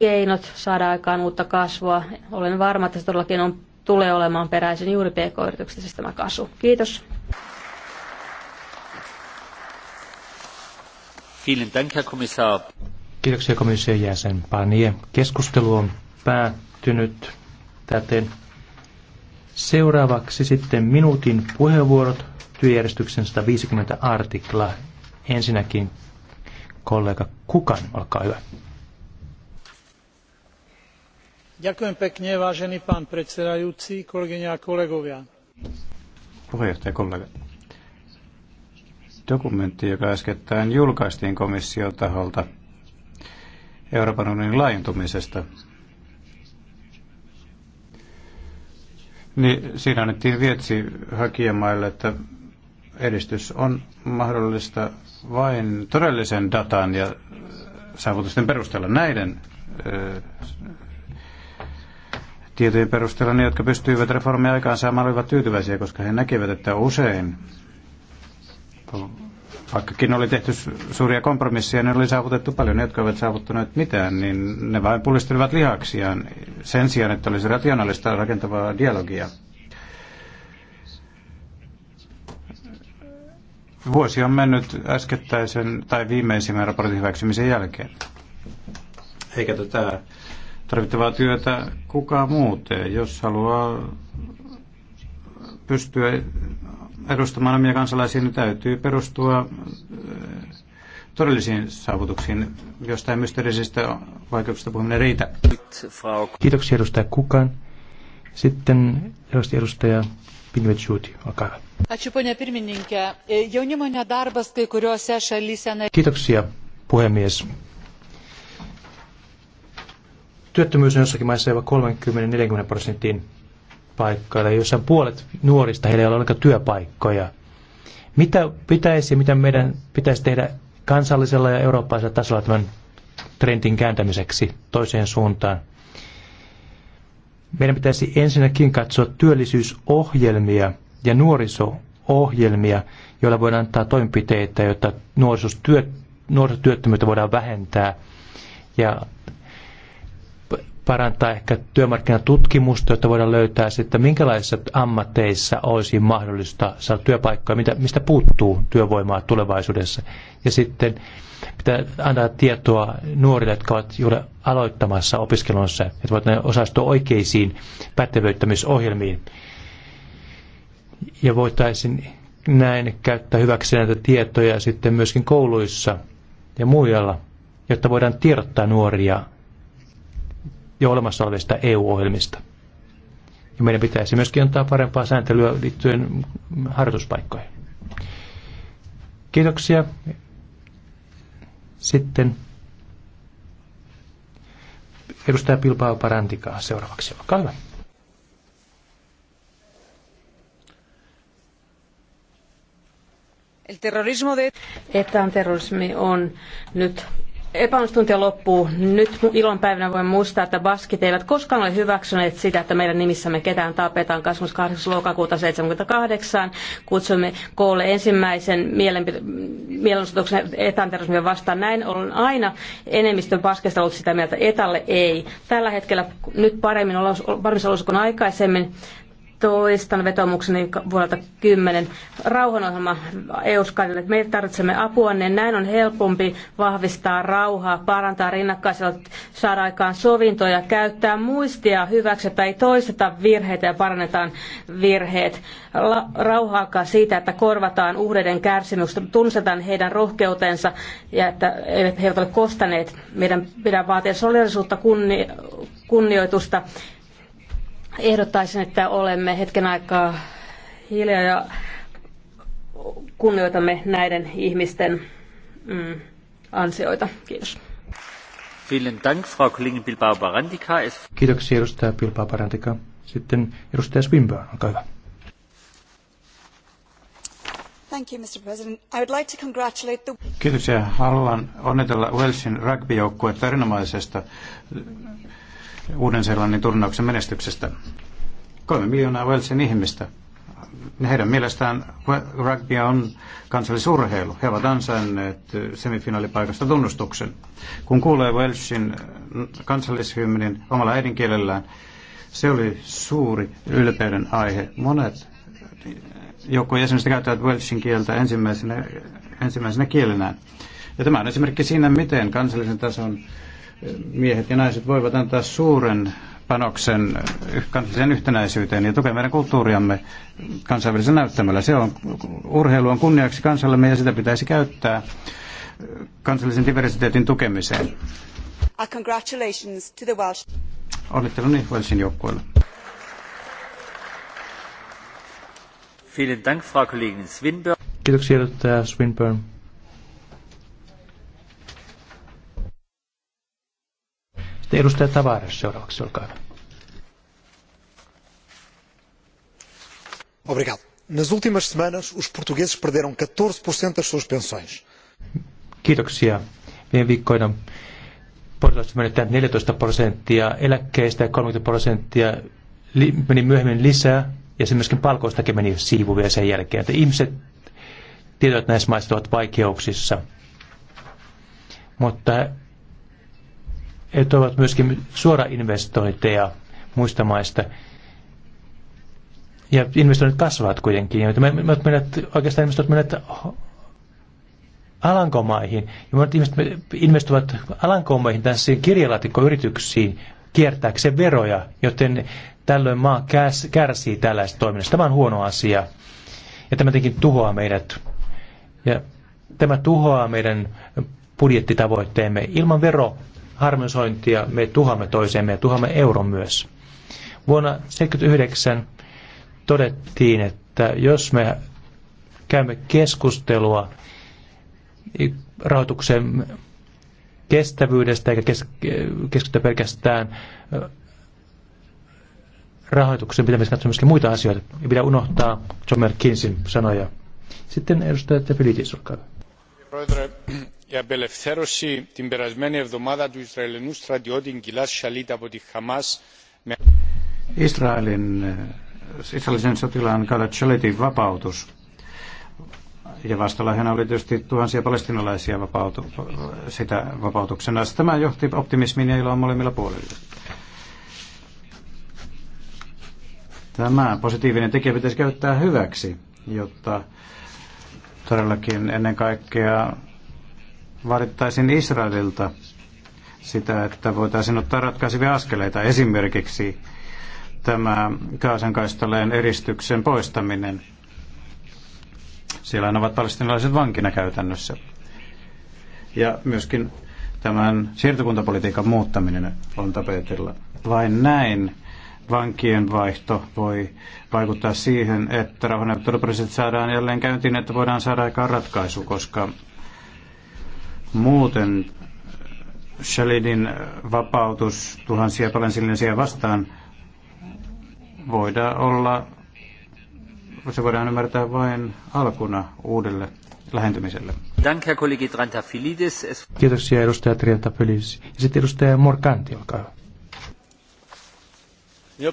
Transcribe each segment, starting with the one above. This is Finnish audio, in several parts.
keinot saada aikaan uutta kasvua. Olen varma, että se todellakin on, tulee olemaan peräisin juuri PK-yrityksistä siis tämä kasvu. Kiitos. Kiitoksia komission jäsen Panie. Keskustelu on päättynyt täten. Seuraavaksi sitten minuutin puheenvuorot työjärjestyksen 150 artikla. Ensinnäkin kollega Kukan, olkaa hyvä. Vážený pán Dokumentti, joka äskettäin julkaistiin komission taholta Euroopan unionin laajentumisesta, niin siinä annettiin vietsi hakijamaille, että edistys on mahdollista vain todellisen datan ja saavutusten perusteella. Näiden tietojen perusteella ne, jotka pystyivät reformia saamaan olivat tyytyväisiä, koska he näkivät, että usein, vaikkakin oli tehty suuria kompromisseja, ne oli saavutettu paljon. Ne, jotka eivät saavuttaneet mitään, niin ne vain pullistelivat lihaksiaan sen sijaan, että olisi rationaalista rakentavaa dialogia. Vuosi on mennyt äskettäisen tai viimeisimmän raportin hyväksymisen jälkeen. Eikä tätä tarvittavaa työtä kukaan muuten, jos haluaa pystyä edustamaan omia kansalaisia, niin täytyy perustua äh, todellisiin saavutuksiin, jostain mysteerisistä vaikeuksista puhuminen riitä. Kiitoksia edustaja Kukan. Sitten edustaja Pinvetsuuti, olkaa hyvä. Kiitoksia, puhemies työttömyys on jossakin maissa jopa 30-40 prosentin paikkoilla, jossa puolet nuorista heillä ei ole ollenkaan työpaikkoja. Mitä pitäisi, mitä meidän pitäisi tehdä kansallisella ja eurooppalaisella tasolla tämän trendin kääntämiseksi toiseen suuntaan? Meidän pitäisi ensinnäkin katsoa työllisyysohjelmia ja nuoriso-ohjelmia, joilla voidaan antaa toimenpiteitä, jotta nuorisotyöttömyyttä voidaan vähentää ja parantaa ehkä työmarkkinatutkimusta, jotta voidaan löytää sitten, minkälaisissa ammatteissa olisi mahdollista saada työpaikkoja, mitä, mistä puuttuu työvoimaa tulevaisuudessa. Ja sitten pitää antaa tietoa nuorille, jotka ovat juuri aloittamassa opiskelunsa, että voivat osallistua oikeisiin pätevöittämisohjelmiin. Ja voitaisiin näin käyttää hyväksi näitä tietoja sitten myöskin kouluissa ja muilla, jotta voidaan tiedottaa nuoria jo olemassa olevista EU-ohjelmista. Ja meidän pitäisi myöskin antaa parempaa sääntelyä liittyen harjoituspaikkoihin. Kiitoksia. Sitten edustaja Pilpaa Parantikaa seuraavaksi. Olkaa hyvä. Etan terrorismi on nyt epäonnistuntia loppuu. Nyt ilonpäivänä voin muistaa, että baskit eivät koskaan ole hyväksyneet sitä, että meidän nimissämme ketään tapetaan. 28. lokakuuta 78 Kutsuimme koolle ensimmäisen mielenosoituksen etanterrorismia vastaan. Näin on aina enemmistön baskeista ollut sitä mieltä, että etalle ei. Tällä hetkellä nyt paremmin, paremmin olossa kuin aikaisemmin toistan vetomukseni vuodelta 10. Rauhanohjelma Euskadille. Me tarvitsemme apua, niin näin on helpompi vahvistaa rauhaa, parantaa rinnakkaisella, saada aikaan sovintoja, käyttää muistia hyväksi, että ei toisteta virheitä ja parannetaan virheet. La- rauha alkaa siitä, että korvataan uhreiden kärsimykset, tunnustetaan heidän rohkeutensa ja että eivät he ole kostaneet. Meidän pitää vaatia solidarisuutta, kunni- kunnioitusta Ehdottaisin, että olemme hetken aikaa hiljaa ja kunnioitamme näiden ihmisten mm, ansioita. Kiitos. Kiitoksia edustaja Bilbao Barantika. Sitten edustaja Swinburne, olkaa hyvä. Thank you, Mr. President. I would like to congratulate the... Kiitoksia. Haluan onnitella Welsin rugby-joukkuetta erinomaisesta Uuden-Seelannin turnauksen menestyksestä. Kolme miljoonaa Walesin ihmistä. Heidän mielestään rugby on kansallisurheilu. He ovat ansainneet semifinaalipaikasta tunnustuksen. Kun kuulee Welshin kansallishymnin omalla äidinkielellään, se oli suuri ylpeyden aihe. Monet joukkueen jäsenistä käyttävät Welshin kieltä ensimmäisenä, ensimmäisenä kielenään. Ja tämä on esimerkki siinä, miten kansallisen tason miehet ja naiset voivat antaa suuren panoksen kansalliseen yhtenäisyyteen ja tukea meidän kulttuuriamme kansainvälisellä näyttämällä. Se on, urheilu on kunniaksi kansallemme ja sitä pitäisi käyttää kansallisen diversiteetin tukemiseen. Congratulations to the Welsh. Onnitteluni niin Welshin joukkueelle. Vielen Dank, Frau Kollegin Swinburne. Kiitoksia, edustaja Swinburne. edustaja Tavares seuraavaksi, olkaa hyvä. Obrigado. Nas últimas semanas, os portugueses perderam 14% das suas pensões. Kiitoksia. Viime viikkoina portugalaiset menettävät 14 prosenttia eläkkeistä ja 30 prosenttia meni myöhemmin lisää ja se myöskin palkoistakin meni siivu vielä sen jälkeen. Että ihmiset tietävät, että näissä maissa ovat vaikeuksissa, mutta että ovat myöskin investointeja muista maista. Ja investoinnit kasvavat kuitenkin. Ja me, menet, oikeastaan investoinnit menet Alankomaihin. Ja monet ihmiset investoivat Alankomaihin tässä kirjalaatikkoyrityksiin kiertääkseen veroja, joten tällöin maa kärsii tällaista toiminnasta. Tämä on huono asia. Ja tämä tietenkin tuhoaa meidät. Ja tämä tuhoaa meidän budjettitavoitteemme. Ilman vero harmonisointia me tuhamme toisemme ja tuhamme euron myös. Vuonna 1979 todettiin, että jos me käymme keskustelua rahoituksen kestävyydestä eikä keskitytä pelkästään äh, rahoituksen pitäisi katsoa myöskin muita asioita. Ei pidä unohtaa John Merkinsin sanoja. Sitten edustaja Tepilidis, olkaa η απελευθέρωση την περασμένη εβδομάδα του Ισραηλινού στρατιώτη Γκυλάς Σαλίτ από τη Χαμάς με... Israelin, Israelisen sotilaan Khaled Shalitin vapautus ja vastalaiheena oli tietysti tuhansia palestinalaisia vapautu, sitä vapautuksena. Tämä johti optimismiin ja iloon molemmilla puolilla. Tämä positiivinen tekijä pitäisi käyttää hyväksi, jotta todellakin ennen kaikkea vaadittaisiin Israelilta sitä, että voitaisiin ottaa ratkaisevia askeleita. Esimerkiksi tämä Kaasankaistaleen eristyksen poistaminen. Siellä ovat palestinalaiset vankina käytännössä. Ja myöskin tämän siirtokuntapolitiikan muuttaminen on tapetilla. Vain näin vankien vaihto voi vaikuttaa siihen, että rauhanneuvotteluprosessit saadaan jälleen käyntiin, että voidaan saada aikaan ratkaisu, koska Muuten äh, Shalidin äh, vapautus tuhansia palensillisia vastaan voida olla, se voidaan ymmärtää vain alkuna uudelle lähentymiselle. Kiitoksia edustaja Triantafylis. Ja sitten edustaja Morkanti, olkaa hyvä.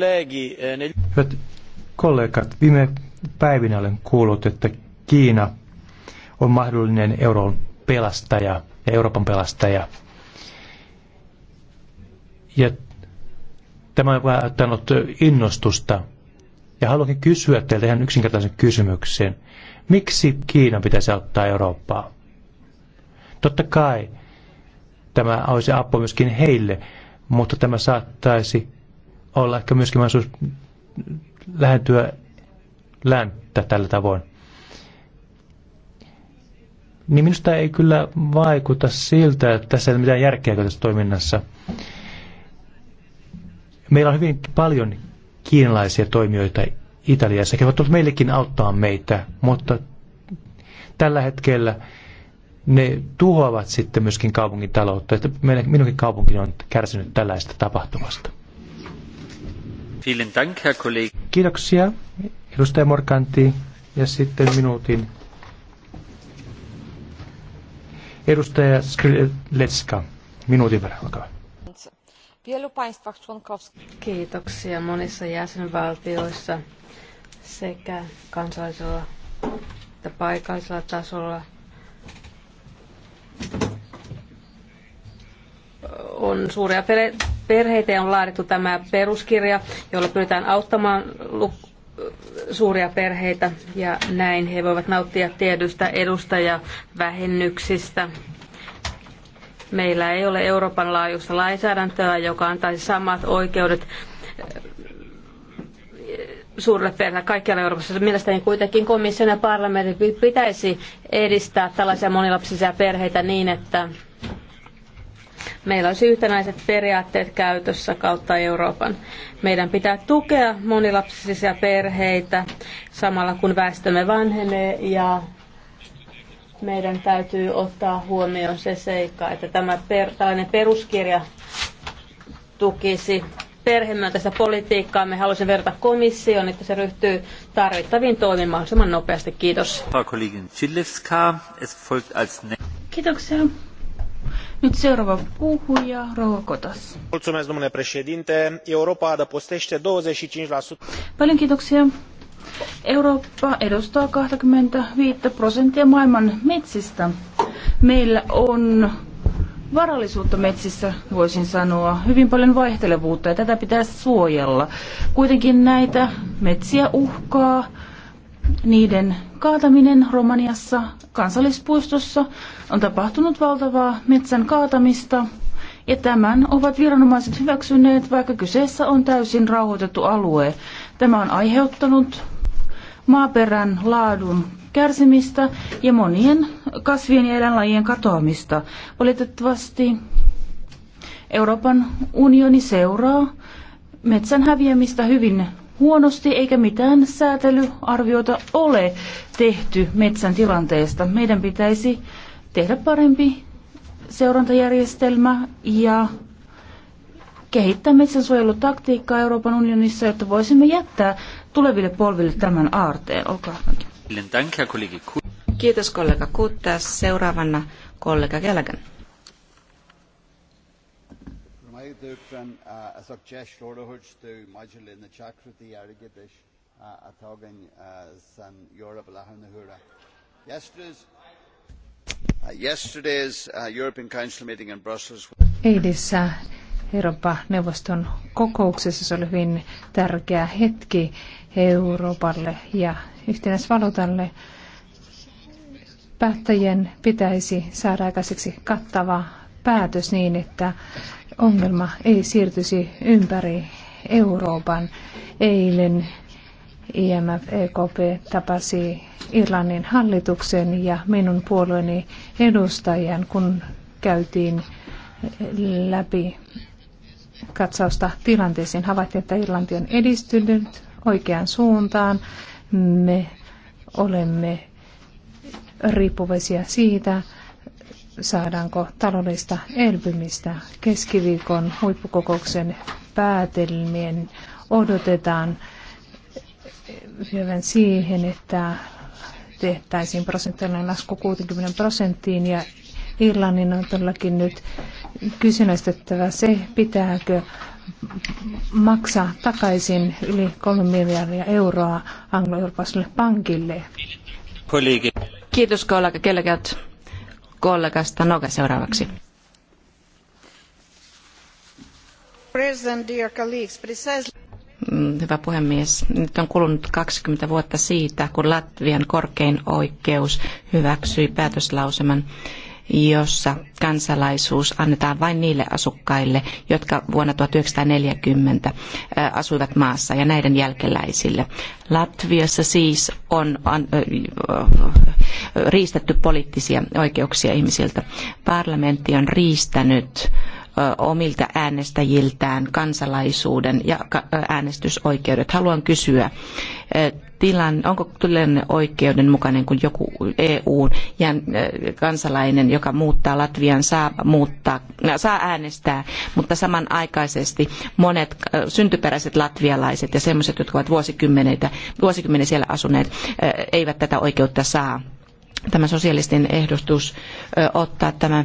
Eh, Hyvät kollegat, viime päivinä olen kuullut, että Kiina on mahdollinen euron pelastaja ja Euroopan pelastaja. Ja tämä on antanut innostusta. Ja haluankin kysyä teiltä ihan yksinkertaisen kysymyksen. Miksi Kiina pitäisi auttaa Eurooppaa? Totta kai tämä olisi apua myöskin heille, mutta tämä saattaisi olla ehkä myöskin mahdollisuus lähentyä länttä tällä tavoin niin minusta ei kyllä vaikuta siltä, että tässä ei ole mitään järkeä tässä toiminnassa. Meillä on hyvin paljon kiinalaisia toimijoita Italiassa. He voivat meillekin auttaa meitä, mutta tällä hetkellä ne tuhoavat sitten myöskin kaupungin taloutta. Että meillä, minunkin kaupunkini on kärsinyt tällaista tapahtumasta. Vielen Dank, Herr Kiitoksia, edustaja Morkanti. Ja sitten minuutin Edustaja Skriletska, minuutin verran, olkaa Kiitoksia monissa jäsenvaltioissa sekä kansallisella että paikallisella tasolla on suuria perheitä ja on laadittu tämä peruskirja, jolla pyritään auttamaan suuria perheitä ja näin he voivat nauttia tiedystä edustajavähennyksistä. Meillä ei ole Euroopan laajuista lainsäädäntöä, joka antaisi samat oikeudet eh, suurille perheille kaikkialla Euroopassa. Mielestäni kuitenkin komission ja parlamentin pitäisi edistää tällaisia monilapsisia perheitä niin, että meillä olisi yhtenäiset periaatteet käytössä kautta Euroopan. Meidän pitää tukea monilapsisia perheitä samalla kun väestömme vanhenee ja meidän täytyy ottaa huomioon se seikka, että tämä per, tällainen peruskirja tukisi perhemyönteistä politiikkaa. Me haluaisin verrata komissioon, että se ryhtyy tarvittaviin toimiin mahdollisimman nopeasti. Kiitos. Kiitoksia. Nyt seuraava puhuja, Rova Kotas. Mulțumesc, domnule președinte. Europa adăpostește 25%. Paljon kiitoksia. Eurooppa edustaa 25 prosenttia maailman metsistä. Meillä on varallisuutta metsissä, voisin sanoa, hyvin paljon vaihtelevuutta ja tätä pitää suojella. Kuitenkin näitä metsiä uhkaa niiden kaataminen Romaniassa kansallispuistossa on tapahtunut valtavaa metsän kaatamista ja tämän ovat viranomaiset hyväksyneet, vaikka kyseessä on täysin rauhoitettu alue. Tämä on aiheuttanut maaperän laadun kärsimistä ja monien kasvien ja eläinlajien katoamista. Valitettavasti Euroopan unioni seuraa metsän häviämistä hyvin huonosti eikä mitään säätelyarviota ole tehty metsän tilanteesta. Meidän pitäisi tehdä parempi seurantajärjestelmä ja kehittää metsänsuojelutaktiikkaa Euroopan unionissa, jotta voisimme jättää tuleville polville tämän aarteen. Olkaa hyvä. Kiitos kollega Kutta. Seuraavana kollega Gelgen. dúran asach deis róirt tú maidir le na teachtaí airigeidir atágan san Europa lethna thura. Yesterday's, uh, yesterday's uh, European Council meeting in Brussels. Eilissä Eurooppa-neuvoston kokouksessa se oli hyvin tärkeä hetki Euroopalle ja yhtenäisvaluutalle. Päättäjien pitäisi saada aikaiseksi kattava päätös niin, että ongelma ei siirtyisi ympäri Euroopan. Eilen IMF EKP tapasi Irlannin hallituksen ja minun puolueeni edustajan, kun käytiin läpi katsausta tilanteeseen. Havaittiin, että Irlanti on edistynyt oikeaan suuntaan. Me olemme riippuvaisia siitä, saadaanko taloudellista elpymistä. Keskiviikon huippukokouksen päätelmien odotetaan hyvän siihen, että tehtäisiin prosenttinen lasku 60 prosenttiin ja Irlannin on todellakin nyt kyseenalaistettava se, pitääkö maksaa takaisin yli 3 miljardia euroa anglo pankille. Kiitos kollega Kelkät kollega Stanoga seuraavaksi. Mm, hyvä puhemies, nyt on kulunut 20 vuotta siitä, kun Latvian korkein oikeus hyväksyi päätöslauseman jossa kansalaisuus annetaan vain niille asukkaille, jotka vuonna 1940 äh, asuivat maassa ja näiden jälkeläisille. Latviassa siis on riistetty poliittisia oikeuksia ihmisiltä. Parlamentti on riistänyt omilta äänestäjiltään kansalaisuuden ja äänestysoikeudet. Haluan kysyä, tilan, onko tilanne oikeudenmukainen, kun joku EU-kansalainen, joka muuttaa Latvian, saa, muuttaa, no, saa äänestää, mutta samanaikaisesti monet syntyperäiset latvialaiset ja sellaiset, jotka ovat vuosikymmeniä vuosikymmeniä siellä asuneet, eivät tätä oikeutta saa. Tämä sosialistinen ehdotus ottaa tämän